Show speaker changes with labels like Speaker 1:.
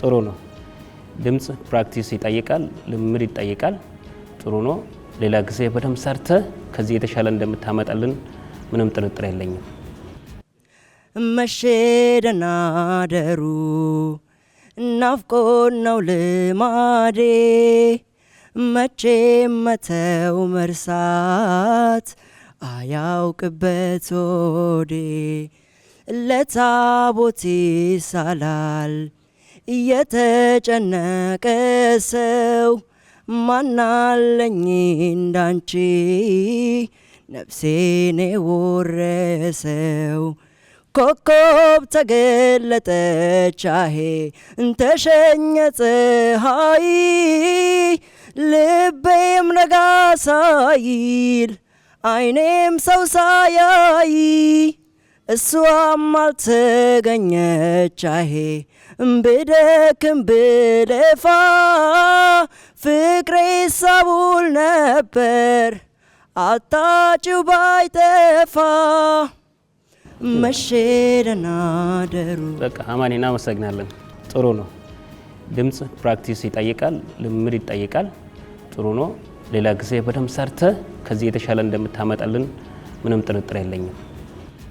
Speaker 1: ጥሩ ነው። ድምፅ ፕራክቲስ ይጠይቃል፣ ልምድ ይጠይቃል። ጥሩ ነው። ሌላ ጊዜ በደንብ ሰርተ ከዚህ የተሻለ እንደምታመጣልን ምንም ጥርጥር የለኝም።
Speaker 2: መሸደና ደሩ ነው ልማዴ መቼ መተው መርሳት አያውቅበት ወዴ ለታቦቴ ሳላል እየተጨነቀ ሰው ማናለኝ እንዳንቺ ነፍሴን ወረሰው። ኮከብ ተገለጠች አሄ እንተሸኘ ፀሐይ ልቤም ነጋ ሳይል አይኔም ሰው ሳያይ እሷም አልተገኘች አሄ እምብደክም ብለፋ ፍቅሬ ሳቡል ነበር አታጭው ባይጠፋ መሼ ደህና ደሩ።
Speaker 1: በቃ አማኔ እናመሰግናለን። ጥሩ ነው። ድምፅ ፕራክቲስ ይጠይቃል፣ ልምድ ይጠይቃል። ጥሩ ነው። ሌላ ጊዜ በደንብ ሰርተ ከዚህ የተሻለ እንደምታመጣልን ምንም ጥርጥር የለኝም።